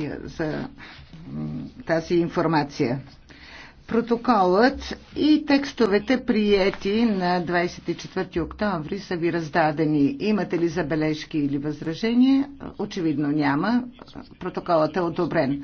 участия за тази информация. Протоколът и текстовете приети на 24 октомври са ви раздадени. Имате ли забележки или възражения? Очевидно няма. Протоколът е одобрен.